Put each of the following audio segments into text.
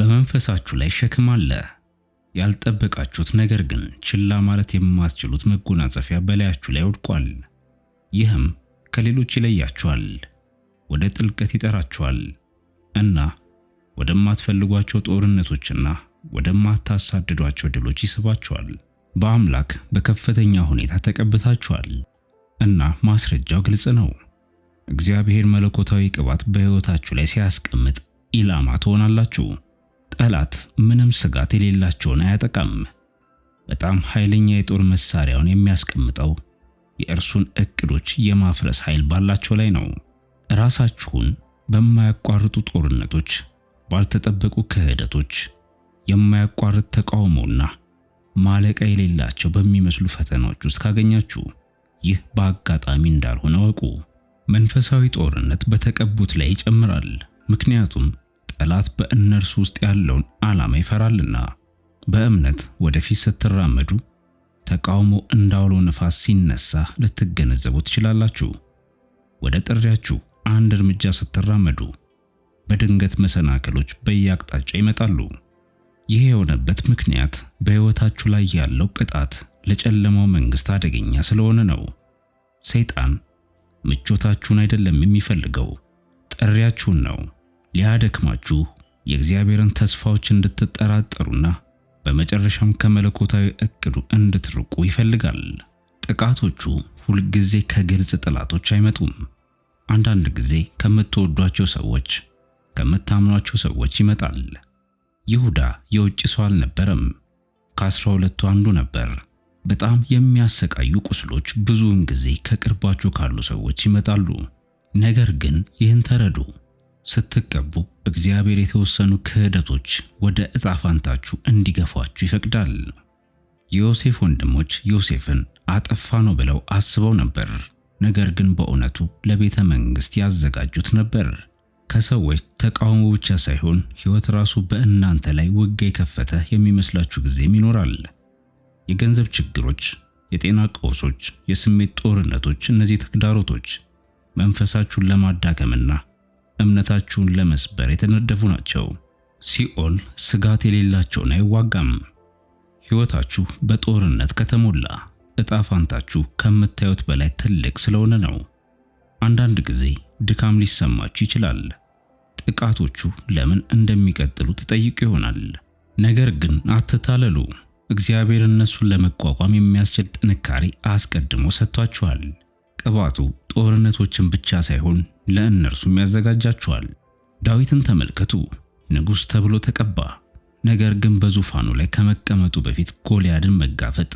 በመንፈሳችሁ ላይ ሸክም አለ። ያልጠበቃችሁት ነገር ግን ችላ ማለት የማትችሉት መጎናጸፊያ በላያችሁ ላይ ወድቋል። ይህም ከሌሎች ይለያችኋል፣ ወደ ጥልቀት ይጠራችኋል እና ወደማትፈልጓቸው ጦርነቶችና ወደማታሳድዷቸው ድሎች ይስባችኋል። በአምላክ በከፍተኛ ሁኔታ ተቀብታችኋል እና ማስረጃው ግልጽ ነው። እግዚአብሔር መለኮታዊ ቅባት በሕይወታችሁ ላይ ሲያስቀምጥ ኢላማ ትሆናላችሁ። ጠላት ምንም ስጋት የሌላቸውን አያጠቃም። በጣም ኃይለኛ የጦር መሳሪያውን የሚያስቀምጠው የእርሱን እቅዶች የማፍረስ ኃይል ባላቸው ላይ ነው። ራሳችሁን በማያቋርጡ ጦርነቶች፣ ባልተጠበቁ ክህደቶች፣ የማያቋርጥ ተቃውሞና ማለቃ የሌላቸው በሚመስሉ ፈተናዎች ውስጥ ካገኛችሁ ይህ በአጋጣሚ እንዳልሆነ ወቁ። መንፈሳዊ ጦርነት በተቀቡት ላይ ይጨምራል። ምክንያቱም ጠላት በእነርሱ ውስጥ ያለውን ዓላማ ይፈራልና። በእምነት ወደፊት ስትራመዱ ተቃውሞ እንዳውሎ ነፋስ ሲነሳ ልትገነዘቡ ትችላላችሁ። ወደ ጥሪያችሁ አንድ እርምጃ ስትራመዱ በድንገት መሰናክሎች በየአቅጣጫ ይመጣሉ። ይህ የሆነበት ምክንያት በሕይወታችሁ ላይ ያለው ቅጣት ለጨለማው መንግሥት አደገኛ ስለሆነ ነው። ሰይጣን ምቾታችሁን አይደለም የሚፈልገው ጥሪያችሁን ነው። ሊያደክማችሁ የእግዚአብሔርን ተስፋዎች እንድትጠራጠሩና በመጨረሻም ከመለኮታዊ እቅዱ እንድትርቁ ይፈልጋል። ጥቃቶቹ ሁልጊዜ ከግልጽ ጠላቶች አይመጡም። አንዳንድ ጊዜ ከምትወዷቸው ሰዎች፣ ከምታምኗቸው ሰዎች ይመጣል። ይሁዳ የውጭ ሰው አልነበረም። ከአስራ ሁለቱ አንዱ ነበር። በጣም የሚያሰቃዩ ቁስሎች ብዙውን ጊዜ ከቅርባችሁ ካሉ ሰዎች ይመጣሉ። ነገር ግን ይህን ተረዱ። ስትቀቡ እግዚአብሔር የተወሰኑ ክህደቶች ወደ እጣ ፋንታችሁ እንዲገፏችሁ ይፈቅዳል። የዮሴፍ ወንድሞች ዮሴፍን አጠፋ ነው ብለው አስበው ነበር። ነገር ግን በእውነቱ ለቤተ መንግሥት ያዘጋጁት ነበር። ከሰዎች ተቃውሞ ብቻ ሳይሆን ሕይወት ራሱ በእናንተ ላይ ውጊያ የከፈተ የሚመስላችሁ ጊዜም ይኖራል። የገንዘብ ችግሮች፣ የጤና ቀውሶች፣ የስሜት ጦርነቶች፣ እነዚህ ተግዳሮቶች መንፈሳችሁን ለማዳከምና እምነታችሁን ለመስበር የተነደፉ ናቸው። ሲኦል ስጋት የሌላቸውን አይዋጋም። ሕይወታችሁ በጦርነት ከተሞላ እጣ ፋንታችሁ ከምታዩት በላይ ትልቅ ስለሆነ ነው። አንዳንድ ጊዜ ድካም ሊሰማችሁ ይችላል። ጥቃቶቹ ለምን እንደሚቀጥሉ ተጠይቁ ይሆናል። ነገር ግን አትታለሉ። እግዚአብሔር እነሱን ለመቋቋም የሚያስችል ጥንካሬ አስቀድሞ ሰጥቷችኋል። ቅባቱ ጦርነቶችን ብቻ ሳይሆን ለእነርሱም ያዘጋጃቸዋል። ዳዊትን ተመልከቱ፣ ንጉሥ ተብሎ ተቀባ። ነገር ግን በዙፋኑ ላይ ከመቀመጡ በፊት ጎልያድን መጋፈጥ፣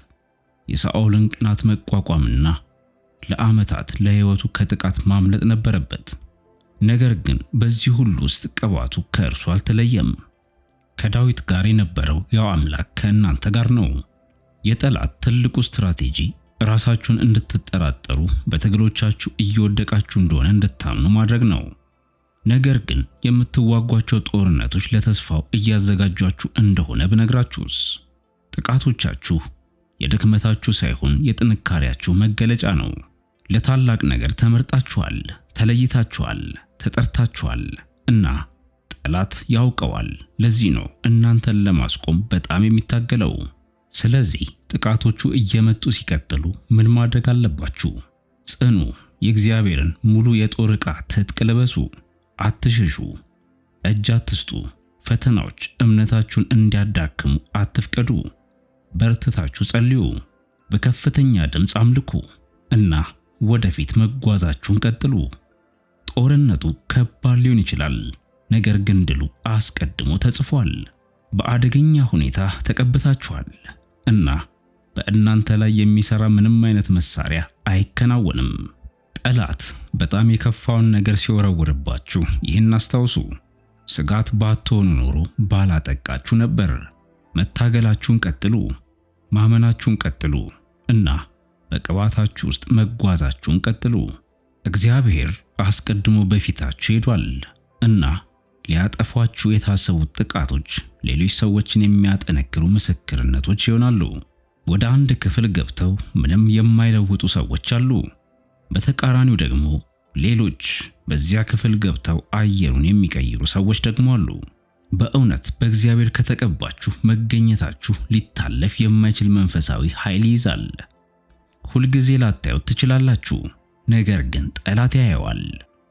የሳኦልን ቅናት መቋቋምና ለዓመታት ለሕይወቱ ከጥቃት ማምለጥ ነበረበት። ነገር ግን በዚህ ሁሉ ውስጥ ቅባቱ ከእርሱ አልተለየም። ከዳዊት ጋር የነበረው ያው አምላክ ከእናንተ ጋር ነው። የጠላት ትልቁ ስትራቴጂ ራሳችሁን እንድትጠራጠሩ፣ በትግሎቻችሁ እየወደቃችሁ እንደሆነ እንድታምኑ ማድረግ ነው። ነገር ግን የምትዋጓቸው ጦርነቶች ለተስፋው እያዘጋጇችሁ እንደሆነ ብነግራችሁስ? ጥቃቶቻችሁ የድክመታችሁ ሳይሆን የጥንካሬያችሁ መገለጫ ነው። ለታላቅ ነገር ተመርጣችኋል፣ ተለይታችኋል፣ ተጠርታችኋል እና ጠላት ያውቀዋል። ለዚህ ነው እናንተን ለማስቆም በጣም የሚታገለው። ስለዚህ ጥቃቶቹ እየመጡ ሲቀጥሉ ምን ማድረግ አለባችሁ? ጽኑ። የእግዚአብሔርን ሙሉ የጦር ዕቃ ትጥቅ ልበሱ። አትሸሹ፣ እጅ አትስጡ። ፈተናዎች እምነታችሁን እንዲያዳክሙ አትፍቀዱ። በርትታችሁ ጸልዩ፣ በከፍተኛ ድምፅ አምልኩ እና ወደፊት መጓዛችሁን ቀጥሉ። ጦርነቱ ከባድ ሊሆን ይችላል፣ ነገር ግን ድሉ አስቀድሞ ተጽፏል። በአደገኛ ሁኔታ ተቀብታችኋል። እና በእናንተ ላይ የሚሰራ ምንም አይነት መሳሪያ አይከናወንም። ጠላት በጣም የከፋውን ነገር ሲወረውርባችሁ ይህን አስታውሱ። ስጋት ባትሆኑ ኖሮ ባላጠቃችሁ ነበር። መታገላችሁን ቀጥሉ፣ ማመናችሁን ቀጥሉ እና በቅባታችሁ ውስጥ መጓዛችሁን ቀጥሉ። እግዚአብሔር አስቀድሞ በፊታችሁ ሄዷል እና ሊያጠፏችሁ የታሰቡት ጥቃቶች ሌሎች ሰዎችን የሚያጠነክሩ ምስክርነቶች ይሆናሉ። ወደ አንድ ክፍል ገብተው ምንም የማይለውጡ ሰዎች አሉ። በተቃራኒው ደግሞ ሌሎች በዚያ ክፍል ገብተው አየሩን የሚቀይሩ ሰዎች ደግሞ አሉ። በእውነት በእግዚአብሔር ከተቀባችሁ መገኘታችሁ ሊታለፍ የማይችል መንፈሳዊ ኃይል ይይዛል። ሁልጊዜ ላታዩት ትችላላችሁ፣ ነገር ግን ጠላት ያየዋል።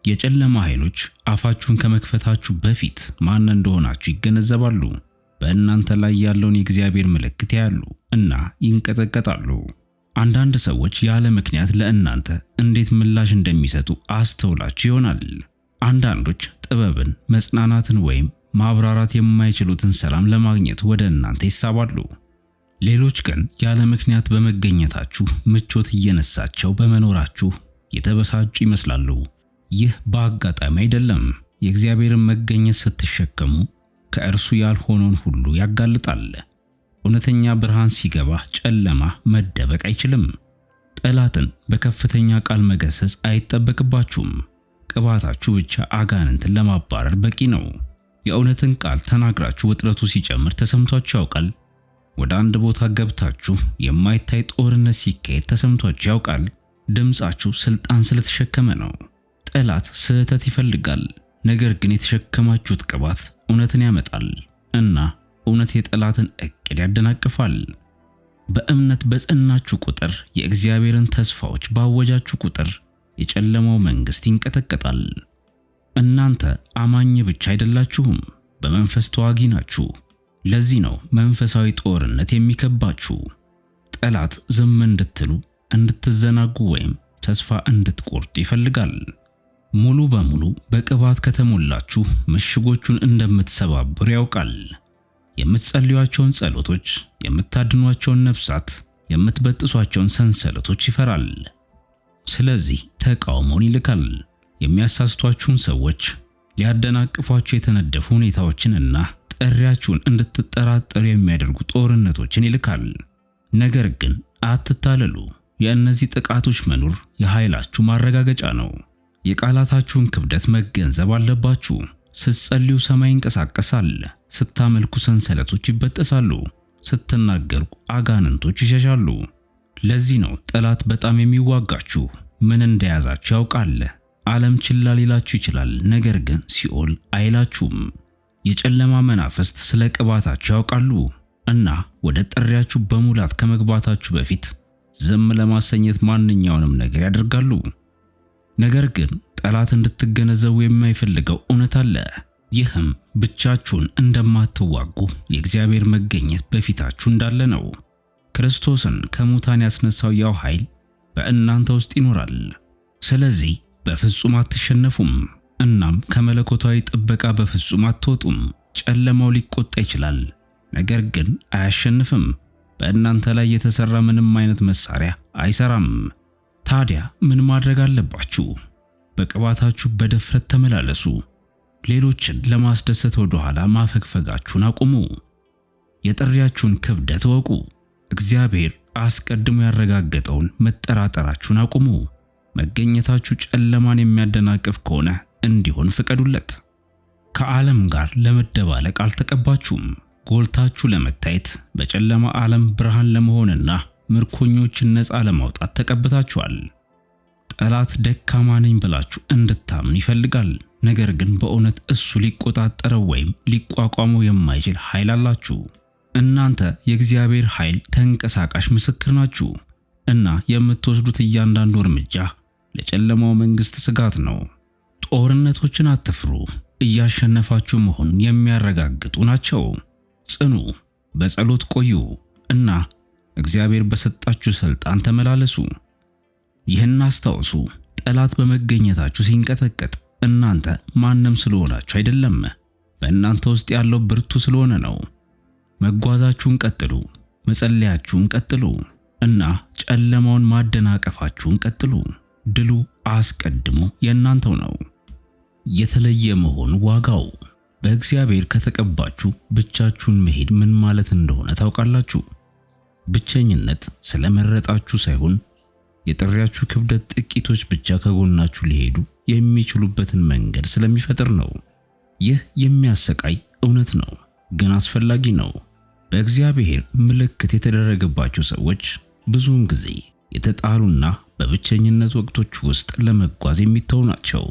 የጨለማ ኃይሎች አፋችሁን ከመክፈታችሁ በፊት ማን እንደሆናችሁ ይገነዘባሉ። በእናንተ ላይ ያለውን የእግዚአብሔር ምልክት ያያሉ እና ይንቀጠቀጣሉ። አንዳንድ ሰዎች ያለ ምክንያት ለእናንተ እንዴት ምላሽ እንደሚሰጡ አስተውላችሁ ይሆናል። አንዳንዶች ጥበብን፣ መጽናናትን ወይም ማብራራት የማይችሉትን ሰላም ለማግኘት ወደ እናንተ ይሳባሉ። ሌሎች ግን ያለ ምክንያት በመገኘታችሁ ምቾት እየነሳቸው በመኖራችሁ የተበሳጩ ይመስላሉ። ይህ በአጋጣሚ አይደለም። የእግዚአብሔርን መገኘት ስትሸከሙ ከእርሱ ያልሆነውን ሁሉ ያጋልጣል። እውነተኛ ብርሃን ሲገባ ጨለማ መደበቅ አይችልም። ጠላትን በከፍተኛ ቃል መገሰጽ አይጠበቅባችሁም። ቅባታችሁ ብቻ አጋንንትን ለማባረር በቂ ነው። የእውነትን ቃል ተናግራችሁ ውጥረቱ ሲጨምር ተሰምቷችሁ ያውቃል? ወደ አንድ ቦታ ገብታችሁ የማይታይ ጦርነት ሲካሄድ ተሰምቷችሁ ያውቃል? ድምፃችሁ ስልጣን ስለተሸከመ ነው። ጠላት ስህተት ይፈልጋል፣ ነገር ግን የተሸከማችሁት ቅባት እውነትን ያመጣል እና እውነት የጠላትን እቅድ ያደናቅፋል። በእምነት በጸናችሁ ቁጥር፣ የእግዚአብሔርን ተስፋዎች ባወጃችሁ ቁጥር የጨለማው መንግሥት ይንቀጠቀጣል። እናንተ አማኝ ብቻ አይደላችሁም፣ በመንፈስ ተዋጊ ናችሁ። ለዚህ ነው መንፈሳዊ ጦርነት የሚከባችሁ። ጠላት ዝም እንድትሉ፣ እንድትዘናጉ ወይም ተስፋ እንድትቆርጡ ይፈልጋል። ሙሉ በሙሉ በቅባት ከተሞላችሁ ምሽጎቹን እንደምትሰባብር ያውቃል። የምትጸልዩአቸውን ጸሎቶች፣ የምታድኗቸውን ነፍሳት፣ የምትበጥሷቸውን ሰንሰለቶች ይፈራል። ስለዚህ ተቃውሞን ይልካል። የሚያሳስቷችሁን ሰዎች፣ ሊያደናቅፏችሁ የተነደፉ ሁኔታዎችንና ጥሪያችሁን እንድትጠራጠሩ የሚያደርጉ ጦርነቶችን ይልካል። ነገር ግን አትታለሉ። የእነዚህ ጥቃቶች መኖር የኃይላችሁ ማረጋገጫ ነው። የቃላታችሁን ክብደት መገንዘብ አለባችሁ። ስትጸልዩ ሰማይ ይንቀሳቀሳል፣ ስታመልኩ ሰንሰለቶች ይበጠሳሉ፣ ስትናገሩ አጋንንቶች ይሸሻሉ። ለዚህ ነው ጠላት በጣም የሚዋጋችሁ። ምን እንደያዛችሁ ያውቃል። ዓለም ችላ ሊላችሁ ይችላል፣ ነገር ግን ሲኦል አይላችሁም። የጨለማ መናፍስት ስለ ቅባታችሁ ያውቃሉ እና ወደ ጥሪያችሁ በሙላት ከመግባታችሁ በፊት ዝም ለማሰኘት ማንኛውንም ነገር ያደርጋሉ። ነገር ግን ጠላት እንድትገነዘቡ የማይፈልገው እውነት አለ። ይህም ብቻችሁን እንደማትዋጉ የእግዚአብሔር መገኘት በፊታችሁ እንዳለ ነው። ክርስቶስን ከሙታን ያስነሳው ያው ኃይል በእናንተ ውስጥ ይኖራል። ስለዚህ በፍጹም አትሸነፉም። እናም ከመለኮታዊ ጥበቃ በፍጹም አትወጡም። ጨለማው ሊቆጣ ይችላል፣ ነገር ግን አያሸንፍም። በእናንተ ላይ የተሰራ ምንም አይነት መሳሪያ አይሰራም። ታዲያ ምን ማድረግ አለባችሁ? በቅባታችሁ በድፍረት ተመላለሱ። ሌሎችን ለማስደሰት ወደ ኋላ ማፈግፈጋችሁን አቁሙ። የጥሪያችሁን ክብደት እወቁ። እግዚአብሔር አስቀድሞ ያረጋገጠውን መጠራጠራችሁን አቁሙ። መገኘታችሁ ጨለማን የሚያደናቅፍ ከሆነ እንዲሆን ፍቀዱለት። ከዓለም ጋር ለመደባለቅ አልተቀባችሁም። ጎልታችሁ ለመታየት በጨለማ ዓለም ብርሃን ለመሆንና ምርኮኞችን ነፃ ለማውጣት ተቀብታችኋል። ጠላት ደካማ ነኝ ብላችሁ እንድታምን ይፈልጋል። ነገር ግን በእውነት እሱ ሊቆጣጠረው ወይም ሊቋቋመው የማይችል ኃይል አላችሁ። እናንተ የእግዚአብሔር ኃይል ተንቀሳቃሽ ምስክር ናችሁ እና የምትወስዱት እያንዳንዱ እርምጃ ለጨለማው መንግሥት ስጋት ነው። ጦርነቶችን አትፍሩ፣ እያሸነፋችሁ መሆኑን የሚያረጋግጡ ናቸው። ጽኑ፣ በጸሎት ቆዩ እና እግዚአብሔር በሰጣችሁ ስልጣን ተመላለሱ። ይህን አስታውሱ፣ ጠላት በመገኘታችሁ ሲንቀጠቀጥ እናንተ ማንም ስለሆናችሁ አይደለም፣ በእናንተ ውስጥ ያለው ብርቱ ስለሆነ ነው። መጓዛችሁን ቀጥሉ፣ መጸለያችሁን ቀጥሉ እና ጨለማውን ማደናቀፋችሁን ቀጥሉ። ድሉ አስቀድሞ የእናንተው ነው። የተለየ መሆን ዋጋው። በእግዚአብሔር ከተቀባችሁ ብቻችሁን መሄድ ምን ማለት እንደሆነ ታውቃላችሁ። ብቸኝነት ስለመረጣችሁ ሳይሆን የጥሪያችሁ ክብደት ጥቂቶች ብቻ ከጎናችሁ ሊሄዱ የሚችሉበትን መንገድ ስለሚፈጥር ነው። ይህ የሚያሰቃይ እውነት ነው፣ ግን አስፈላጊ ነው። በእግዚአብሔር ምልክት የተደረገባቸው ሰዎች ብዙውን ጊዜ የተጣሉና በብቸኝነት ወቅቶች ውስጥ ለመጓዝ የሚተው ናቸው።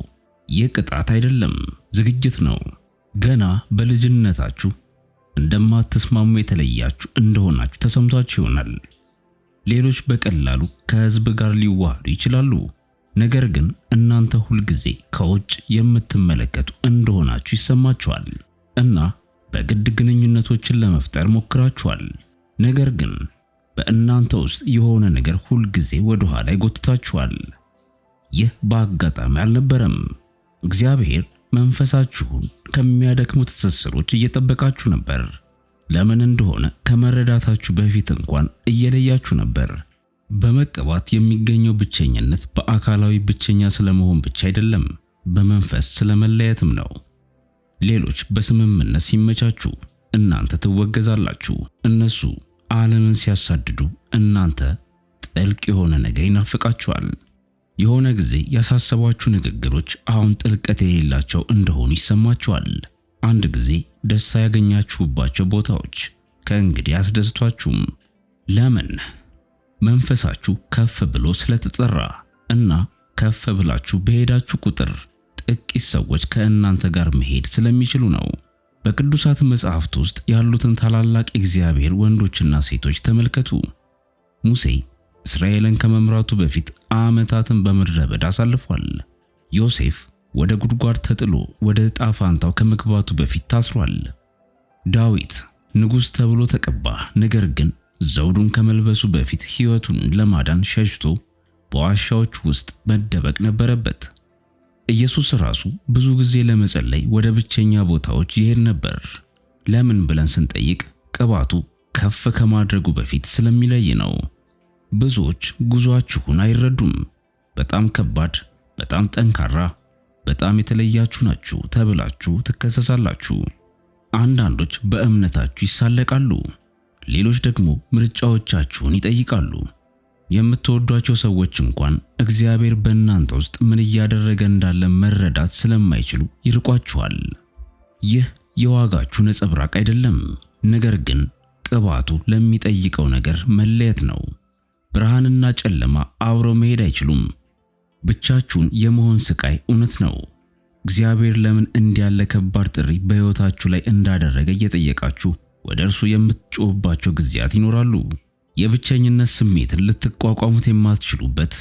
ይህ ቅጣት አይደለም፣ ዝግጅት ነው። ገና በልጅነታችሁ እንደማትስማሙ የተለያችሁ እንደሆናችሁ ተሰምቷችሁ ይሆናል። ሌሎች በቀላሉ ከህዝብ ጋር ሊዋሃዱ ይችላሉ። ነገር ግን እናንተ ሁልጊዜ ከውጭ የምትመለከቱ እንደሆናችሁ ይሰማችኋል እና በግድ ግንኙነቶችን ለመፍጠር ሞክራችኋል። ነገር ግን በእናንተ ውስጥ የሆነ ነገር ሁልጊዜ ወደ ኋላ ይጎትታችኋል። ይህ በአጋጣሚ አልነበረም። እግዚአብሔር መንፈሳችሁን ከሚያደክሙ ትስስሮች እየጠበቃችሁ ነበር። ለምን እንደሆነ ከመረዳታችሁ በፊት እንኳን እየለያችሁ ነበር። በመቀባት የሚገኘው ብቸኝነት በአካላዊ ብቸኛ ስለመሆን ብቻ አይደለም፣ በመንፈስ ስለመለየትም ነው። ሌሎች በስምምነት ሲመቻቹ እናንተ ትወገዛላችሁ። እነሱ ዓለምን ሲያሳድዱ እናንተ ጥልቅ የሆነ ነገር ይናፍቃችኋል። የሆነ ጊዜ ያሳሰቧችሁ ንግግሮች አሁን ጥልቀት የሌላቸው እንደሆኑ ይሰማችኋል። አንድ ጊዜ ደስታ ያገኛችሁባቸው ቦታዎች ከእንግዲህ አስደስቷችሁም። ለምን? መንፈሳችሁ ከፍ ብሎ ስለተጠራ እና ከፍ ብላችሁ በሄዳችሁ ቁጥር ጥቂት ሰዎች ከእናንተ ጋር መሄድ ስለሚችሉ ነው። በቅዱሳት መጽሐፍት ውስጥ ያሉትን ታላላቅ እግዚአብሔር ወንዶችና ሴቶች ተመልከቱ። ሙሴ እስራኤልን ከመምራቱ በፊት ዓመታትን በምድረ በዳ አሳልፏል። ዮሴፍ ወደ ጉድጓድ ተጥሎ ወደ ዕጣ ፋንታው ከመግባቱ በፊት ታስሯል። ዳዊት ንጉሥ ተብሎ ተቀባ። ነገር ግን ዘውዱን ከመልበሱ በፊት ሕይወቱን ለማዳን ሸሽቶ በዋሻዎች ውስጥ መደበቅ ነበረበት። ኢየሱስ ራሱ ብዙ ጊዜ ለመጸለይ ወደ ብቸኛ ቦታዎች ይሄድ ነበር። ለምን ብለን ስንጠይቅ ቅባቱ ከፍ ከማድረጉ በፊት ስለሚለይ ነው። ብዙዎች ጉዟችሁን አይረዱም። በጣም ከባድ፣ በጣም ጠንካራ፣ በጣም የተለያችሁ ናችሁ ተብላችሁ ትከሰሳላችሁ። አንዳንዶች በእምነታችሁ ይሳለቃሉ፣ ሌሎች ደግሞ ምርጫዎቻችሁን ይጠይቃሉ። የምትወዷቸው ሰዎች እንኳን እግዚአብሔር በእናንተ ውስጥ ምን እያደረገ እንዳለ መረዳት ስለማይችሉ ይርቋችኋል። ይህ የዋጋችሁ ነጸብራቅ አይደለም፣ ነገር ግን ቅባቱ ለሚጠይቀው ነገር መለየት ነው። ብርሃንና ጨለማ አብረው መሄድ አይችሉም። ብቻችሁን የመሆን ስቃይ እውነት ነው። እግዚአብሔር ለምን እንዲያለ ከባድ ጥሪ በሕይወታችሁ ላይ እንዳደረገ እየጠየቃችሁ ወደ እርሱ የምትጮህባቸው ጊዜያት ይኖራሉ። የብቸኝነት ስሜትን ልትቋቋሙት የማትችሉበት፣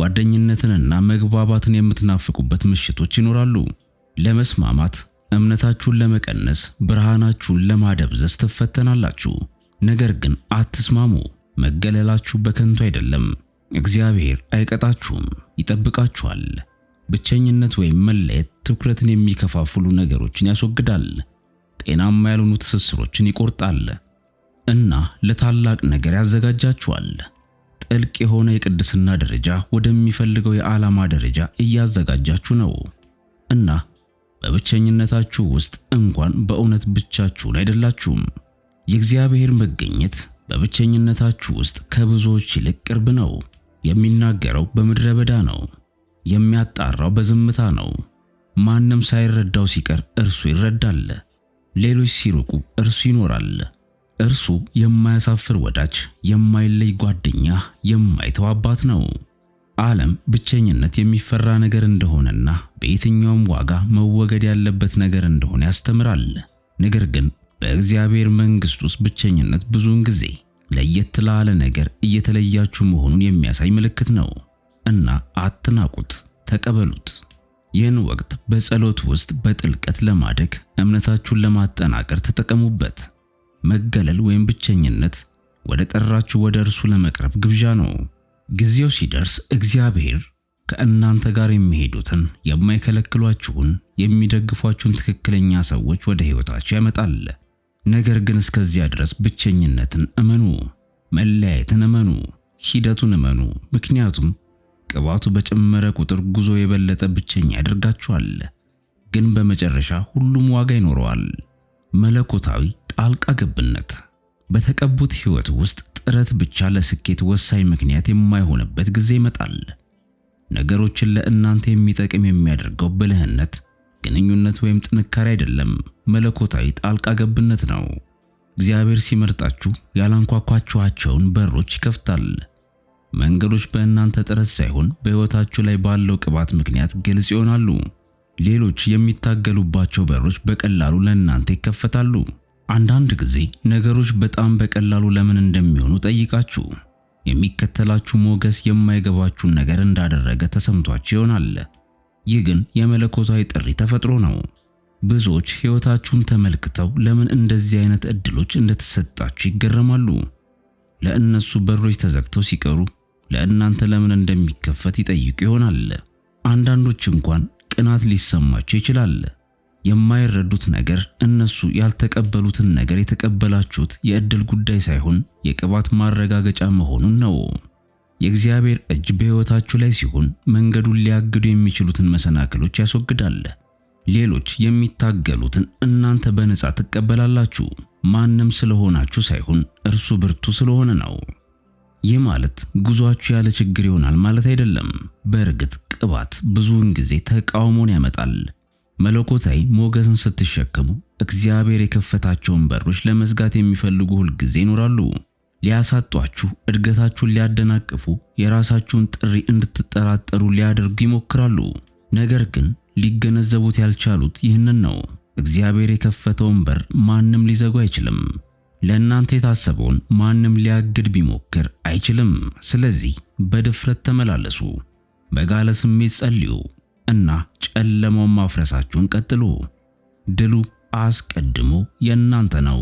ጓደኝነትንና መግባባትን የምትናፍቁበት ምሽቶች ይኖራሉ። ለመስማማት እምነታችሁን ለመቀነስ፣ ብርሃናችሁን ለማደብዘዝ ትፈተናላችሁ። ነገር ግን አትስማሙ። መገለላችሁ በከንቱ አይደለም። እግዚአብሔር አይቀጣችሁም፣ ይጠብቃችኋል። ብቸኝነት ወይም መለየት ትኩረትን የሚከፋፍሉ ነገሮችን ያስወግዳል፣ ጤናማ ያልሆኑ ትስስሮችን ይቆርጣል እና ለታላቅ ነገር ያዘጋጃችኋል። ጥልቅ የሆነ የቅድስና ደረጃ ወደሚፈልገው የዓላማ ደረጃ እያዘጋጃችሁ ነው እና በብቸኝነታችሁ ውስጥ እንኳን በእውነት ብቻችሁን አይደላችሁም። የእግዚአብሔር መገኘት በብቸኝነታችሁ ውስጥ ከብዙዎች ይልቅ ቅርብ ነው። የሚናገረው በምድረ በዳ ነው። የሚያጣራው በዝምታ ነው። ማንም ሳይረዳው ሲቀር እርሱ ይረዳል። ሌሎች ሲርቁ እርሱ ይኖራል። እርሱ የማያሳፍር ወዳጅ፣ የማይለይ ጓደኛ፣ የማይተው አባት ነው። ዓለም ብቸኝነት የሚፈራ ነገር እንደሆነና በየትኛውም ዋጋ መወገድ ያለበት ነገር እንደሆነ ያስተምራል። ነገር ግን በእግዚአብሔር መንግሥት ውስጥ ብቸኝነት ብዙውን ጊዜ ለየት ላለ ነገር እየተለያችሁ መሆኑን የሚያሳይ ምልክት ነው እና አትናቁት፣ ተቀበሉት። ይህን ወቅት በጸሎት ውስጥ በጥልቀት ለማደግ እምነታችሁን ለማጠናከር ተጠቀሙበት። መገለል ወይም ብቸኝነት ወደ ጠራችሁ ወደ እርሱ ለመቅረብ ግብዣ ነው። ጊዜው ሲደርስ እግዚአብሔር ከእናንተ ጋር የሚሄዱትን የማይከለክሏችሁን፣ የሚደግፏችሁን ትክክለኛ ሰዎች ወደ ሕይወታችሁ ያመጣል። ነገር ግን እስከዚያ ድረስ ብቸኝነትን እመኑ፣ መለያየትን እመኑ፣ ሂደቱን እመኑ። ምክንያቱም ቅባቱ በጨመረ ቁጥር ጉዞ የበለጠ ብቸኛ ያደርጋችኋል፣ ግን በመጨረሻ ሁሉም ዋጋ ይኖረዋል። መለኮታዊ ጣልቃ ገብነት በተቀቡት ሕይወት ውስጥ ጥረት ብቻ ለስኬት ወሳኝ ምክንያት የማይሆንበት ጊዜ ይመጣል። ነገሮችን ለእናንተ የሚጠቅም የሚያደርገው ብልህነት ግንኙነት ወይም ጥንካሬ አይደለም፣ መለኮታዊ ጣልቃ ገብነት ነው። እግዚአብሔር ሲመርጣችሁ ያላንኳኳችኋቸውን በሮች ይከፍታል። መንገዶች በእናንተ ጥረት ሳይሆን በሕይወታችሁ ላይ ባለው ቅባት ምክንያት ግልጽ ይሆናሉ። ሌሎች የሚታገሉባቸው በሮች በቀላሉ ለእናንተ ይከፈታሉ። አንዳንድ ጊዜ ነገሮች በጣም በቀላሉ ለምን እንደሚሆኑ ጠይቃችሁ የሚከተላችሁ ሞገስ የማይገባችሁን ነገር እንዳደረገ ተሰምቷችሁ ይሆናል። ይህ ግን የመለኮታዊ ጥሪ ተፈጥሮ ነው። ብዙዎች ሕይወታችሁን ተመልክተው ለምን እንደዚህ አይነት እድሎች እንደተሰጣችሁ ይገረማሉ። ለእነሱ በሮች ተዘግተው ሲቀሩ ለእናንተ ለምን እንደሚከፈት ይጠይቁ ይሆናል። አንዳንዶች እንኳን ቅናት ሊሰማቸው ይችላል። የማይረዱት ነገር እነሱ ያልተቀበሉትን ነገር የተቀበላችሁት የእድል ጉዳይ ሳይሆን የቅባት ማረጋገጫ መሆኑን ነው። የእግዚአብሔር እጅ በሕይወታችሁ ላይ ሲሆን መንገዱን ሊያግዱ የሚችሉትን መሰናክሎች ያስወግዳል። ሌሎች የሚታገሉትን እናንተ በነፃ ትቀበላላችሁ። ማንም ስለሆናችሁ ሳይሆን እርሱ ብርቱ ስለሆነ ነው። ይህ ማለት ጉዟችሁ ያለ ችግር ይሆናል ማለት አይደለም። በእርግጥ ቅባት ብዙውን ጊዜ ተቃውሞን ያመጣል። መለኮታዊ ሞገስን ስትሸከሙ እግዚአብሔር የከፈታቸውን በሮች ለመዝጋት የሚፈልጉ ጊዜ ይኖራሉ። ሊያሳጧችሁ፣ እድገታችሁን ሊያደናቅፉ፣ የራሳችሁን ጥሪ እንድትጠራጠሩ ሊያደርጉ ይሞክራሉ። ነገር ግን ሊገነዘቡት ያልቻሉት ይህንን ነው። እግዚአብሔር የከፈተውን በር ማንም ሊዘጉ አይችልም። ለእናንተ የታሰበውን ማንም ሊያግድ ቢሞክር አይችልም። ስለዚህ በድፍረት ተመላለሱ፣ በጋለ ስሜት ጸልዩ እና ጨለማውን ማፍረሳችሁን ቀጥሉ። ድሉ አስቀድሞ የእናንተ ነው።